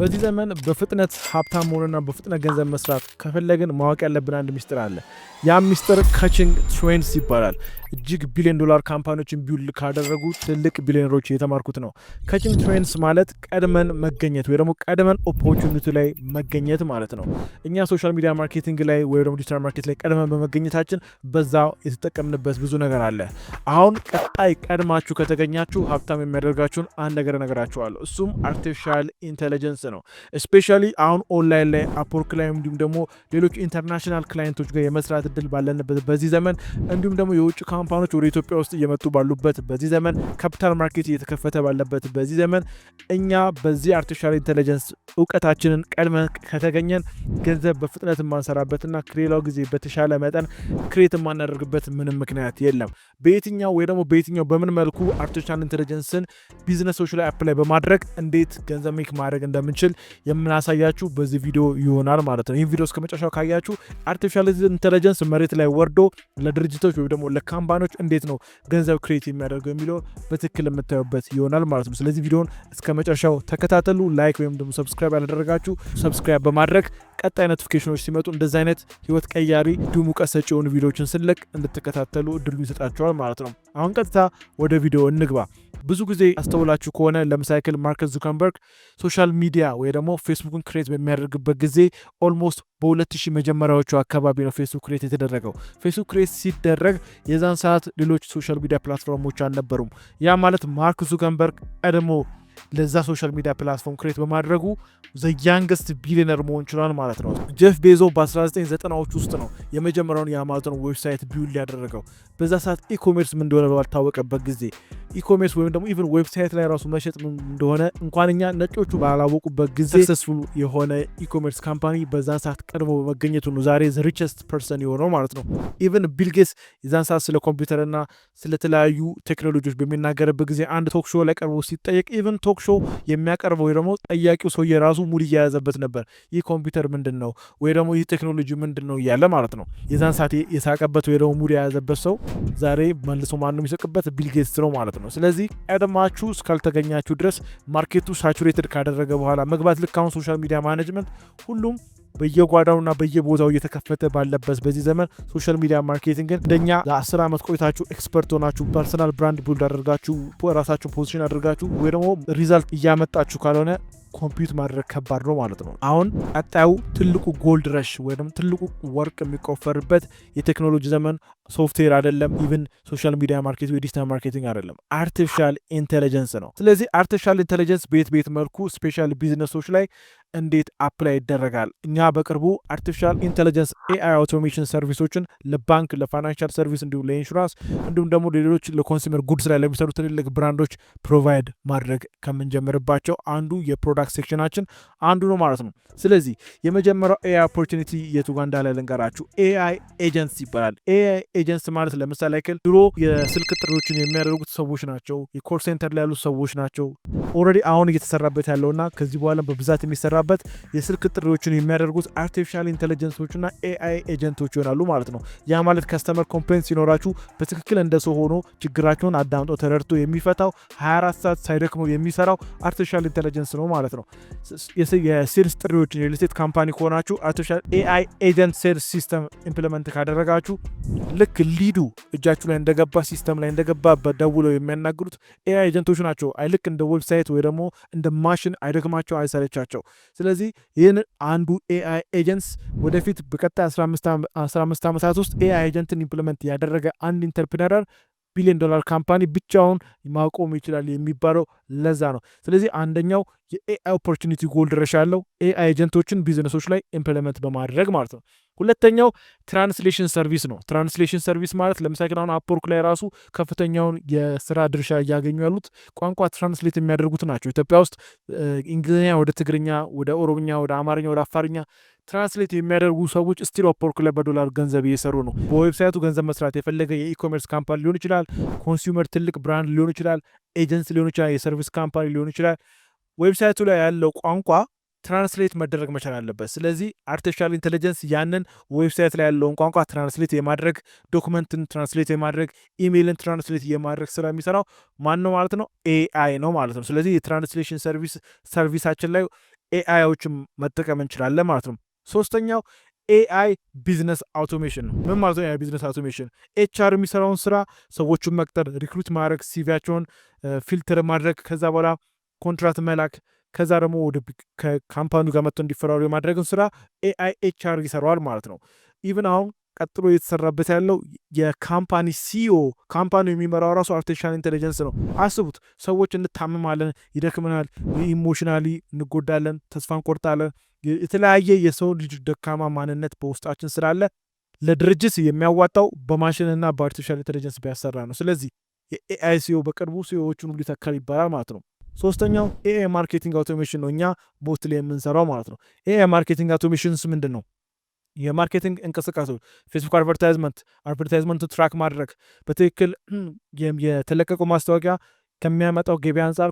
በዚህ ዘመን በፍጥነት ሀብታም መሆንና በፍጥነት ገንዘብ መስራት ከፈለግን ማወቅ ያለብን አንድ ሚስጥር አለ። ያም ሚስጥር ካችንግ ትሬንድስ ይባላል። እጅግ ቢሊዮን ዶላር ካምፓኒዎችን ቢውል ካደረጉ ትልቅ ቢሊዮነሮች የተማርኩት ነው። ካችንግ ትሬንስ ማለት ቀድመን መገኘት ወይ ደግሞ ቀድመን ኦፖርቹኒቲ ላይ መገኘት ማለት ነው። እኛ ሶሻል ሚዲያ ማርኬቲንግ ላይ ወይ ደግሞ ዲጂታል ማርኬት ላይ ቀድመን በመገኘታችን በዛ የተጠቀምንበት ብዙ ነገር አለ። አሁን ቀጣይ ቀድማችሁ ከተገኛችሁ ሀብታም የሚያደርጋችሁን አንድ ነገር ነገራችኋለሁ። እሱም አርቲፊሻል ኢንቴሊጀንስ ነው። ስፔሻሊ አሁን ኦንላይን ላይ አፕወርክ ላይ እንዲሁም ደግሞ ሌሎች ኢንተርናሽናል ክላይንቶች ጋር የመስራት እድል ባለንበት በዚህ ዘመን እንዲሁም ደግሞ የውጭ ካምፓኒዎች ወደ ኢትዮጵያ ውስጥ እየመጡ ባሉበት በዚህ ዘመን ካፒታል ማርኬት እየተከፈተ ባለበት በዚህ ዘመን እኛ በዚህ አርቲፊሻል ኢንቴሊጀንስ እውቀታችንን ቀድመን ከተገኘን ገንዘብ በፍጥነት የማንሰራበትና ከሌላው ጊዜ በተሻለ መጠን ክሬት የማናደርግበት ምንም ምክንያት የለም። በየትኛው ወይ ደግሞ በየትኛው በምን መልኩ አርቲፊሻል ኢንቴሊጀንስን ቢዝነሶች ላይ አፕላይ በማድረግ እንዴት ገንዘብ ሜክ ማድረግ እንደምንችል የምናሳያችሁ በዚህ ቪዲዮ ይሆናል ማለት ነው። ይህ ቪዲዮ እስከ መጨረሻው ካያችሁ አርቲፊሻል ኢንቴሊጀንስ መሬት ላይ ወርዶ ለድርጅቶች ወይ ደግሞ ካምፓኒዎች እንዴት ነው ገንዘብ ክሬት የሚያደርገው የሚለው በትክክል የምታዩበት ይሆናል ማለት ነው። ስለዚህ ቪዲዮን እስከ መጨረሻው ተከታተሉ። ላይክ ወይም ደግሞ ሰብስክራይብ ያላደረጋችሁ ሰብስክራይብ በማድረግ ቀጣይ ኖቲፊኬሽኖች ሲመጡ እንደዚህ አይነት ህይወት ቀያሪ እንዲሁም እውቀት ሰጪ የሆኑ ቪዲዮዎችን ስለቅ እንድትከታተሉ እድሉ ይሰጣቸዋል ማለት ነው። አሁን ቀጥታ ወደ ቪዲዮ እንግባ። ብዙ ጊዜ አስተውላችሁ ከሆነ ለምሳሌ ማርክ ዙከንበርግ ሶሻል ሚዲያ ወይ ደግሞ ፌስቡክን ክሬት በሚያደርግበት ጊዜ ኦልሞስት በ2000 መጀመሪያዎቹ አካባቢ ነው ፌስቡክ ክሬት የተደረገው። ፌስቡክ ክሬት ሲደረግ የዛን ሰዓት ሌሎች ሶሻል ሚዲያ ፕላትፎርሞች አልነበሩም። ያ ማለት ማርክ ዙከንበርግ ቀድሞ ለዛ ሶሻል ሚዲያ ፕላትፎርም ክሬት በማድረጉ ያንገስት ቢሊነር መሆን ይችላል ማለት ነው። ጀፍ ቤዞ በ1990ዎች ውስጥ ነው የመጀመሪያውን የአማዞን ዌብሳይት ቢውል ያደረገው። በዛ ሰዓት ኢኮሜርስ ምን እንደሆነ ባልታወቀበት ጊዜ ኢኮሜርስ ወይም ደግሞ ኢቨን ዌብሳይት ላይ ራሱ መሸጥ እንደሆነ እንኳን እኛ ነጮቹ ባላወቁበት ጊዜ ሰክሰስፉል የሆነ ኢኮሜርስ ካምፓኒ በዛን ሰዓት ቀድሞ በመገኘቱ ነው ዛሬ ዘ ሪቸስት ፐርሰን የሆነው ማለት ነው። ኢቨን ቢልጌትስ የዛን ሰዓት ስለ ኮምፒውተርና ስለተለያዩ ቴክኖሎጂዎች በሚናገርበት ጊዜ አንድ ቶክ ላይ ቀርቦ ሲጠየቅ ኢቨን ቶ ቶክ ሾው የሚያቀርበው ወይ ደግሞ ጠያቂው ሰው የራሱ ሙድ እያያዘበት ነበር። ይህ ኮምፒውተር ምንድን ነው ወይ ደግሞ ይህ ቴክኖሎጂ ምንድን ነው እያለ ማለት ነው። የዛን ሰዓት የሳቀበት ወይ ደግሞ ሙድ የያዘበት ሰው ዛሬ መልሶ ማነው የሚሰቅበት? ቢልጌትስ ነው ማለት ነው። ስለዚህ ቀድማችሁ እስካልተገኛችሁ ድረስ ማርኬቱ ሳቹሬትድ ካደረገ በኋላ መግባት ልክ አሁን ሶሻል ሚዲያ ማኔጅመንት ሁሉም በየጓዳውና በየቦታው እየተከፈተ ባለበት በዚህ ዘመን ሶሻል ሚዲያ ማርኬቲንግን እንደኛ ለአስር ዓመት ቆይታችሁ ኤክስፐርት ሆናችሁ ፐርሰናል ብራንድ ቢልድ አድርጋችሁ ራሳችሁን ፖዚሽን አድርጋችሁ ወይ ደግሞ ሪዛልት እያመጣችሁ ካልሆነ ኮምፒውት ማድረግ ከባድ ነው ማለት ነው። አሁን ቀጣዩ ትልቁ ጎልድ ረሽ ወይም ትልቁ ወርቅ የሚቆፈርበት የቴክኖሎጂ ዘመን ሶፍትዌር አይደለም፣ ኢቨን ሶሻል ሚዲያ ማርኬት ወይ ዲጂታል ማርኬቲንግ አይደለም፣ አርቲፊሻል ኢንቴሊጀንስ ነው። ስለዚህ አርቲፊሻል ኢንቴሊጀንስ ቤት ቤት መልኩ ስፔሻል ቢዝነሶች ላይ እንዴት አፕላይ ይደረጋል? እኛ በቅርቡ አርቲፊሻል ኢንቴሊጀንስ ኤአይ አውቶሜሽን ሰርቪሶችን ለባንክ ለፋይናንሻል ሰርቪስ እንዲሁም ለኢንሹራንስ እንዲሁም ደግሞ ሌሎች ለኮንሱመር ጉድስ ላይ ለሚሰሩ ትልልቅ ብራንዶች ፕሮቫይድ ማድረግ ከምንጀምርባቸው አንዱ የፕሮዳክት ሴክሽናችን አንዱ ነው ማለት ነው። ስለዚህ የመጀመሪያው ኤአይ ኦፖርቹኒቲ የቱጋንዳ እንዳለ ልንገራችሁ። ኤአይ ኤጀንስ ይባላል። ኤአይ ኤጀንስ ማለት ለምሳሌ ያክል ድሮ የስልክ ጥሪዎችን የሚያደርጉት ሰዎች ናቸው። የኮል ሴንተር ላይ ያሉት ሰዎች ናቸው። ኦልሬዲ አሁን እየተሰራበት ያለውና ከዚህ በኋላ በብዛት የሚሰራ የሚሰራበት የስልክ ጥሪዎችን የሚያደርጉት አርቲፊሻል ኢንቴሊጀንሶቹና ኤአይ ኤጀንቶች ይሆናሉ ማለት ነው። ያ ማለት ከስተመር ኮምፕሌንት ሲኖራችሁ በትክክል እንደ ሰው ሆኖ ችግራቸውን አዳምጦ ተረድቶ የሚፈታው 24 ሰዓት ሳይደክመው የሚሰራው አርቲፊሻል ኢንቴሊጀንስ ነው ማለት ነው። የሴልስ ጥሪዎችን የሪል ካምፓኒ ከሆናችሁ አርቲፊሻል ኤአይ ኤጀንት ሴልስ ሲስተም ኢምፕሊመንት ካደረጋችሁ ልክ ሊዱ እጃችሁ ላይ እንደገባ ሲስተም ላይ እንደገባ በደውለው የሚያናግሩት ኤአይ ኤጀንቶች ናቸው። አይልክ እንደ ዌብሳይት ወይ ደግሞ እንደ ማሽን አይደክማቸው አይሰለቻቸው። ስለዚህ ይህን አንዱ ኤአይ ኤጀንስ ወደፊት በቀጣይ 15 ዓመታት ውስጥ ኤአይ ኤጀንትን ኢምፕሊመንት ያደረገ አንድ ኢንተርፕነረር ቢሊዮን ዶላር ካምፓኒ ብቻውን ማቆም ይችላል የሚባለው ለዛ ነው። ስለዚህ አንደኛው የኤአይ ኦፖርቹኒቲ ጎልድ ረሻ ያለው ኤአይ ኤጀንቶችን ቢዝነሶች ላይ ኢምፕሊመንት በማድረግ ማለት ነው። ሁለተኛው ትራንስሌሽን ሰርቪስ ነው። ትራንስሌሽን ሰርቪስ ማለት ለምሳሌ አሁን አፕወርክ ላይ ራሱ ከፍተኛውን የስራ ድርሻ እያገኙ ያሉት ቋንቋ ትራንስሌት የሚያደርጉት ናቸው። ኢትዮጵያ ውስጥ እንግሊዝኛ ወደ ትግርኛ፣ ወደ ኦሮምኛ፣ ወደ አማርኛ፣ ወደ አፋርኛ ትራንስሌት የሚያደርጉ ሰዎች ስቲል አፕወርክ ላይ በዶላር ገንዘብ እየሰሩ ነው። በዌብሳይቱ ገንዘብ መስራት የፈለገ የኢኮሜርስ ካምፓኒ ሊሆን ይችላል፣ ኮንሱመር ትልቅ ብራንድ ሊሆን ይችላል፣ ኤጀንሲ ሊሆን ይችላል፣ የሰርቪስ ካምፓኒ ሊሆን ይችላል። ዌብሳይቱ ላይ ያለው ቋንቋ ትራንስሌት መደረግ መቻል አለበት። ስለዚህ አርቲፊሻል ኢንቴሊጀንስ ያንን ዌብሳይት ላይ ያለውን ቋንቋ ትራንስሌት የማድረግ ዶክመንትን ትራንስሌት የማድረግ ኢሜይልን ትራንስሌት የማድረግ ስራ የሚሰራው ማን ነው ማለት ነው? ኤአይ ነው ማለት ነው። ስለዚህ የትራንስሌሽን ሰርቪስ ሰርቪሳችን ላይ ኤአይዎችን መጠቀም እንችላለን ማለት ነው። ሶስተኛው ኤአይ ቢዝነስ አውቶሜሽን ነው። ምን ማለት ነው? ኤአይ ቢዝነስ አውቶሜሽን ኤች አር የሚሰራውን ስራ ሰዎቹን መቅጠር፣ ሪክሩት ማድረግ፣ ሲቪያቸውን ፊልተር ማድረግ፣ ከዛ በኋላ ኮንትራት መላክ፣ ከዛ ደግሞ ወደ ካምፓኒ ጋር መጥቶ እንዲፈራሩ የማድረግን ስራ ኤአይ ኤች ይሰራዋል ማለት ነው። ኢቨን አሁን ቀጥሎ እየተሰራበት ያለው የካምፓኒ ሲኦ ካምፓኒ የሚመራው ራሱ አርቲፊሻል ኢንቴሊጀንስ ነው። አስቡት ሰዎች እንታመማለን፣ ይደክመናል፣ ኢሞሽናሊ እንጎዳለን፣ ተስፋ እንቆርጣለን። የተለያየ የሰው ልጅ ደካማ ማንነት በውስጣችን ስላለ ለድርጅት የሚያዋጣው በማሽንና በአርቲፊሻል ኢንቴሊጀንስ ቢያሰራ ነው። ስለዚህ የኤአይ ሲኦ በቅርቡ ሲኦዎቹን ሁሉ ሊተካል ይባላል ማለት ነው። ሶስተኛው ኤአይ ማርኬቲንግ አውቶሜሽን ነው። እኛ ቦት ላይ የምንሰራው ማለት ነው። ኤአይ ማርኬቲንግ አውቶሜሽንስ ምንድን ነው? የማርኬቲንግ እንቅስቃሴዎች ፌስቡክ አድቨርታይዝመንት አድቨርታይዝመንቱ ትራክ ማድረግ በትክክል የተለቀቁ ማስታወቂያ ከሚያመጣው ገቢያ አንጻር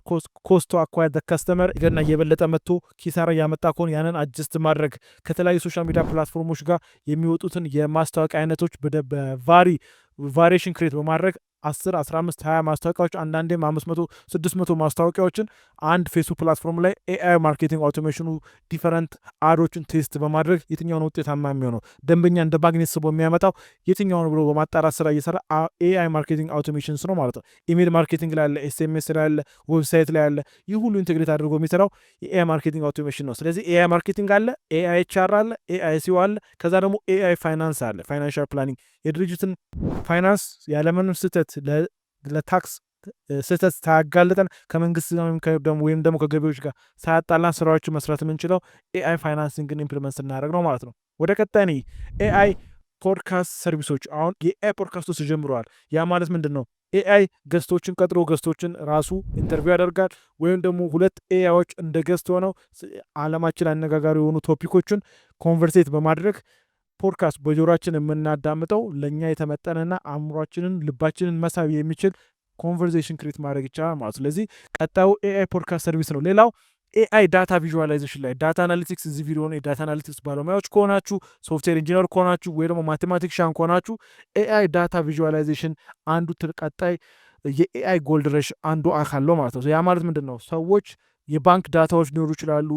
ኮስቶ አኳያ ከስተመር ገና እየበለጠ መጥቶ ኪሳራ እያመጣ ከሆን ያንን አጅስት ማድረግ ከተለያዩ ሶሻል ሚዲያ ፕላትፎርሞች ጋር የሚወጡትን የማስታወቂያ አይነቶች በቫሪ ቫሪሽን ክሬት በማድረግ 10 15 20 ማስታወቂያዎች አንዳንዴም 500 600 ማስታወቂያዎችን አንድ ፌስቡክ ፕላትፎርም ላይ ኤአይ ማርኬቲንግ አውቶሜሽኑ ዲፈረንት አዶችን ቴስት በማድረግ የትኛውን ውጤታማ የሚሆነው ደንበኛ እንደ ማግኔት ስቦ የሚያመጣው የትኛውን ብሎ በማጣራት ስራ እየሰራ ኤአይ ማርኬቲንግ አውቶሜሽንስ ነው ማለት ነው። ኢሜል ማርኬቲንግ ላይ ያለ፣ ኤስኤምኤስ ላይ ያለ፣ ዌብሳይት ላይ ያለ ይህ ሁሉ ኢንቴግሬት አድርጎ የሚሰራው የኤአይ ማርኬቲንግ አውቶሜሽን ነው። ስለዚህ ኤአይ ማርኬቲንግ አለ፣ ኤአይ ኤችአር አለ፣ ኤአይ ሲዮ e አለ፣ ከዛ ደግሞ ኤአይ ፋይናንስ አለ። ፋይናንሻል ፕላኒንግ የድርጅትን ፋይናንስ ያለምንም ስህተት ለታክስ ስህተት ሳያጋልጠን ከመንግስት ወይም ደግሞ ከገቢዎች ጋር ሳያጣላን ስራዎቹ መስራት የምንችለው ኤአይ ፋይናንሲንግን ኢምፕሊመንት ስናደርግ ነው ማለት ነው። ወደ ቀጣይ ነኝ። ኤአይ ፖድካስት ሰርቪሶች አሁን የኤአይ ፖድካስቶች ተጀምረዋል። ያ ማለት ምንድን ነው? ኤአይ ገስቶችን ቀጥሮ ገስቶችን ራሱ ኢንተርቪው ያደርጋል ወይም ደግሞ ሁለት ኤአይዎች እንደ ገስት ሆነው አለማችን አነጋጋሪ የሆኑ ቶፒኮችን ኮንቨርሴት በማድረግ ፖድካስት በጆሯችን የምናዳምጠው ለእኛ የተመጠነና አእምሯችንን ልባችንን መሳብ የሚችል ኮንቨርዜሽን ክሬት ማድረግ ይቻላል ማለት። ስለዚህ ቀጣዩ ኤአይ ፖድካስት ሰርቪስ ነው። ሌላው ኤአይ ዳታ ቪዥዋላይዜሽን ላይ ዳታ አናሊቲክስ እዚህ ቪዲዮ ነው። የዳታ አናሊቲክስ ባለሙያዎች ከሆናችሁ ሶፍትዌር ኢንጂነር ከሆናችሁ ወይ ደግሞ ማቴማቲክሻን ከሆናችሁ ኤአይ ዳታ ቪዥዋላይዜሽን አንዱ ቀጣይ የኤአይ ጎልድ ረሽ አንዱ አካል ነው ማለት ነው። ያ ማለት ምንድን ነው? ሰዎች የባንክ ዳታዎች ሊኖሩ ይችላሉ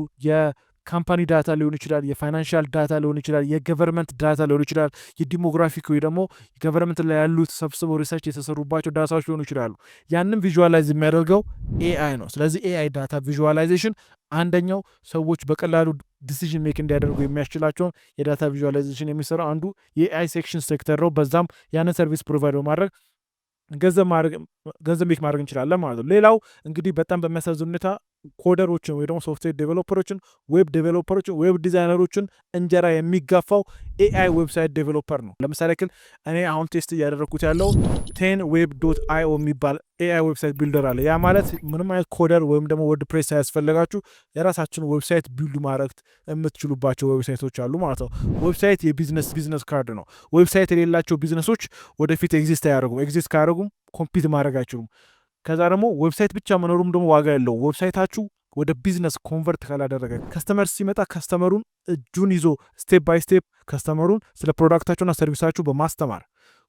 የካምፓኒ ዳታ ሊሆን ይችላል፣ የፋይናንሻል ዳታ ሊሆን ይችላል፣ የገቨርንመንት ዳታ ሊሆን ይችላል፣ የዲሞግራፊክ ወይ ደግሞ ገቨርንመንት ላይ ያሉት ሰብስበው ሪሰርች የተሰሩባቸው ዳታዎች ሊሆኑ ይችላሉ። ያንም ቪዥዋላይዝ የሚያደርገው ኤአይ ነው። ስለዚህ ኤአይ ዳታ ቪዥዋላይዜሽን አንደኛው ሰዎች በቀላሉ ዲሲዥን ሜክ እንዲያደርጉ የሚያስችላቸውን የዳታ ቪዥዋላይዜሽን የሚሰራው አንዱ የኤአይ ሴክሽን ሴክተር ነው። በዛም ያንን ሰርቪስ ፕሮቫይድ በማድረግ ገንዘብ ሜክ ማድረግ እንችላለን ማለት ነው። ሌላው እንግዲህ በጣም በሚያሳዝን ሁኔታ ኮደሮችን ወይ ደግሞ ሶፍትዌር ዴቨሎፐሮችን፣ ዌብ ዴቨሎፐሮችን፣ ዌብ ዲዛይነሮችን እንጀራ የሚጋፋው ኤአይ ዌብሳይት ዴቨሎፐር ነው። ለምሳሌ ክል እኔ አሁን ቴስት እያደረግኩት ያለው ቴን ዌብ ዶት አይኦ የሚባል ኤአይ ዌብሳይት ቢልደር አለ። ያ ማለት ምንም አይነት ኮደር ወይም ደግሞ ወርድ ፕሬስ ሳያስፈለጋችሁ የራሳችን ዌብሳይት ቢልድ ማድረግ የምትችሉባቸው ዌብሳይቶች አሉ ማለት ነው። ዌብሳይት የቢዝነስ ቢዝነስ ካርድ ነው። ዌብሳይት የሌላቸው ቢዝነሶች ወደፊት ኤግዚስት አያደርጉም። ኤግዚስት ካያደርጉም ኮምፒት ማድረግ አይችሉም። ከዛ ደግሞ ዌብሳይት ብቻ መኖሩም ደግሞ ዋጋ ያለው ዌብሳይታችሁ ወደ ቢዝነስ ኮንቨርት ካላደረገ ከስተመር ሲመጣ ከስተመሩን እጁን ይዞ ስቴፕ ባይ ስቴፕ ከስተመሩን ስለ ፕሮዳክታችሁና ሰርቪሳችሁ በማስተማር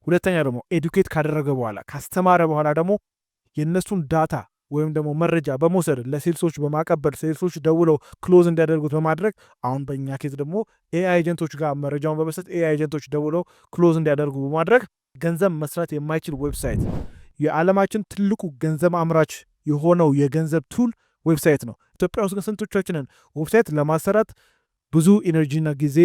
ሁለተኛ ደግሞ ኤዱኬት ካደረገ በኋላ ካስተማረ በኋላ ደግሞ የእነሱን ዳታ ወይም ደግሞ መረጃ በመውሰድ ለሴልሶች በማቀበል ሴልሶች ደውለው ክሎዝ እንዲያደርጉት በማድረግ አሁን በእኛ ኬዝ ደግሞ ኤአይ ኤጀንቶች ጋር መረጃውን በመስጠት ኤአይ ኤጀንቶች ደውለው ክሎዝ እንዲያደርጉ በማድረግ ገንዘብ መስራት የማይችል ዌብሳይት የዓለማችን ትልቁ ገንዘብ አምራች የሆነው የገንዘብ ቱል ዌብሳይት ነው። ኢትዮጵያ ውስጥ ግን ስንቶቻችንን ዌብሳይት ለማሰራት ብዙ ኢነርጂና ጊዜ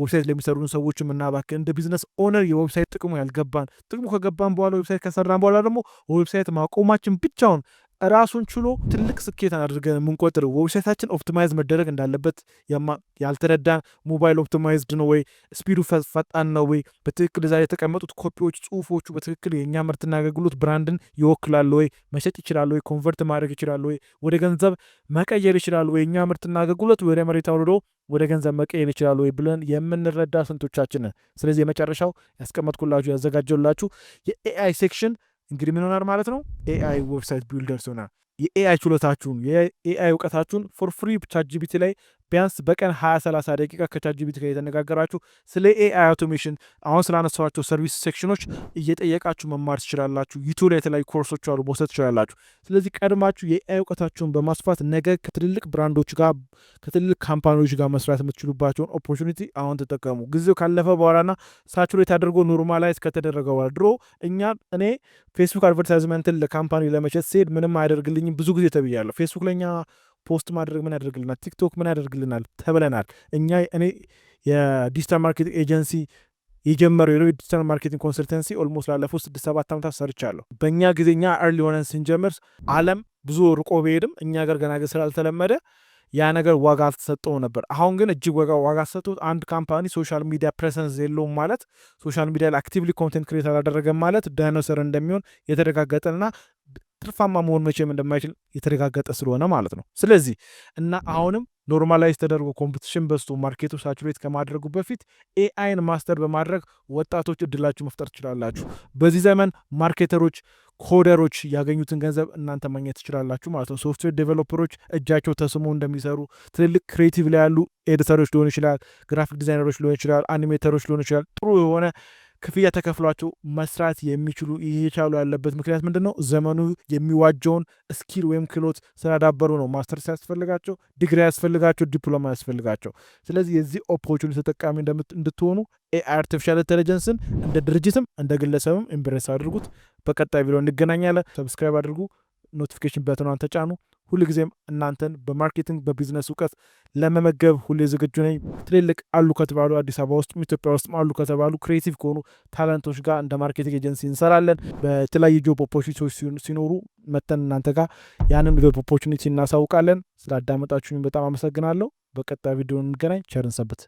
ዌብሳይት ለሚሰሩን ሰዎች የምናባክን እንደ ቢዝነስ ኦነር የዌብሳይት ጥቅሙ ያልገባን ጥቅሙ ከገባን በኋላ ዌብሳይት ከሰራን በኋላ ደግሞ ዌብሳይት ማቆማችን ብቻውን ራሱን ችሎ ትልቅ ስኬት አድርገን የምንቆጥር ዌብሳይታችን ኦፕቲማይዝ መደረግ እንዳለበት ያልተረዳ ሞባይል ኦፕቲማይዝድ ነው ወይ? ስፒዱ ፈጣን ነው ወይ? በትክክል እዛ የተቀመጡት ኮፒዎች፣ ጽሁፎቹ በትክክል የእኛ ምርትና አገልግሎት ብራንድን ይወክላሉ ወይ? መሸጥ ይችላሉ ወይ? ኮንቨርት ማድረግ ይችላሉ ወይ? ወደ ገንዘብ መቀየር ይችላሉ ወይ? የእኛ ምርትና አገልግሎት ወደ መሬት አውርዶ ወደ ገንዘብ መቀየር ይችላሉ ወይ ብለን የምንረዳ ስንቶቻችን? ስለዚህ የመጨረሻው ያስቀመጥኩላችሁ ያዘጋጀላችሁ የኤአይ ሴክሽን እንግዲህ ምን ሆናል ማለት ነው ኤአይ ዌብሳይት ቢልደርስ ሆና የኤአይ ችሎታችሁን የኤአይ እውቀታችሁን ፎር ፍሪ ቻት ጂፒቲ ላይ ቢያንስ በቀን 230 ደቂቃ ከቻት ጂቢቲ ጋር የተነጋገራችሁ ስለ ኤአይ አውቶሜሽን አሁን ስላነሳቸው ሰርቪስ ሴክሽኖች እየጠየቃችሁ መማር ትችላላችሁ። ዩቱብ ላይ የተለያዩ ኮርሶች አሉ፣ መውሰድ ትችላላችሁ። ስለዚህ ቀድማችሁ የኤአይ እውቀታችሁን በማስፋት ነገ ከትልልቅ ብራንዶች ጋር ከትልልቅ ካምፓኒዎች ጋር መስራት የምትችሉባቸውን ኦፖርቹኒቲ አሁን ተጠቀሙ። ጊዜው ካለፈ በኋላና ሳቹሬት አድርጎ ኖርማላይዝ ከተደረገ በኋላ ድሮ እኛ እኔ ፌስቡክ አድቨርታይዝመንትን ለካምፓኒ ለመሸጥ ሲሄድ ምንም አያደርግልኝም ብዙ ጊዜ ተብያለሁ። ፌስቡክ ለእኛ ፖስት ማድረግ ምን ያደርግልናል? ቲክቶክ ምን ያደርግልናል? ተብለናል። እኛ እኔ የዲጂታል ማርኬቲንግ ኤጀንሲ የጀመረው የሎ የዲጂታል ማርኬቲንግ ኮንሰልተንሲ ኦልሞስት ላለፉት ስድስት ሰባት ዓመታት ሰርቻለሁ። በእኛ ጊዜ እኛ አርሊ ሆነን ስንጀምር አለም ብዙ ርቆ ቢሄድም እኛ ገር ገና ገር ስላልተለመደ ያ ነገር ዋጋ አልተሰጠው ነበር። አሁን ግን እጅግ ዋጋ ዋጋ ተሰጥቶት አንድ ካምፓኒ ሶሻል ሚዲያ ፕሬሰንስ የለውም ማለት ሶሻል ሚዲያ ላይ አክቲቭሊ ኮንቴንት ክሬት አላደረገም ማለት ዳይኖሰር እንደሚሆን የተረጋገጠና ትርፋማ መሆን መቼም እንደማይችል የተረጋገጠ ስለሆነ ማለት ነው። ስለዚህ እና አሁንም ኖርማላይዝ ተደርጎ ኮምፒቲሽን በዝቶ ማርኬቱ ሳቹሬት ከማድረጉ በፊት ኤአይን ማስተር በማድረግ ወጣቶች እድላችሁ መፍጠር ትችላላችሁ። በዚህ ዘመን ማርኬተሮች ኮደሮች ያገኙትን ገንዘብ እናንተ ማግኘት ትችላላችሁ ማለት ነው። ሶፍትዌር ዴቨሎፐሮች እጃቸው ተስሞ እንደሚሰሩ ትልልቅ ክሬቲቭ ላይ ያሉ ኤዲተሮች ሊሆን ይችላል፣ ግራፊክ ዲዛይነሮች ሊሆን ይችላል፣ አኒሜተሮች ሊሆን ይችላል ጥሩ የሆነ ክፍያ ተከፍሏቸው መስራት የሚችሉ የቻሉ ያለበት ምክንያት ምንድን ነው? ዘመኑ የሚዋጀውን ስኪል ወይም ክህሎት ስላዳበሩ ነው። ማስተርስ ያስፈልጋቸው፣ ዲግሪ ያስፈልጋቸው፣ ዲፕሎማ ያስፈልጋቸው። ስለዚህ የዚህ ኦፖርቹኒቲ ተጠቃሚ እንድትሆኑ ኤአይ አርቲፊሻል ኢንቴሊጀንስን እንደ ድርጅትም እንደ ግለሰብም ኢምብሬስ አድርጉት። በቀጣይ ቪዲዮ እንገናኛለን። ሰብስክራይብ አድርጉ። ኖቲፊኬሽን በትኗን ተጫኑ። ጊዜም እናንተን በማርኬቲንግ በቢዝነስ እውቀት ለመመገብ ሁሌ ዝግጁ ነኝ። ትልልቅ አሉ ከተባሉ አዲስ አበባ ውስጥ ኢትዮጵያ ውስጥ አሉ ከተባሉ ክሬቲቭ ከሆኑ ታለንቶች ጋር እንደ ማርኬቲንግ ኤጀንሲ እንሰራለን። በተለያዩ ጆብ ኦፖርቹኒቲዎች ሲኖሩ መተን እናንተ ጋር ያንን ጆብ ኦፖርቹኒቲ እናሳውቃለን። ስላዳመጣችሁኝ በጣም አመሰግናለሁ። በቀጣይ ቪዲዮ እንገናኝ። ቸርን ሰንብት።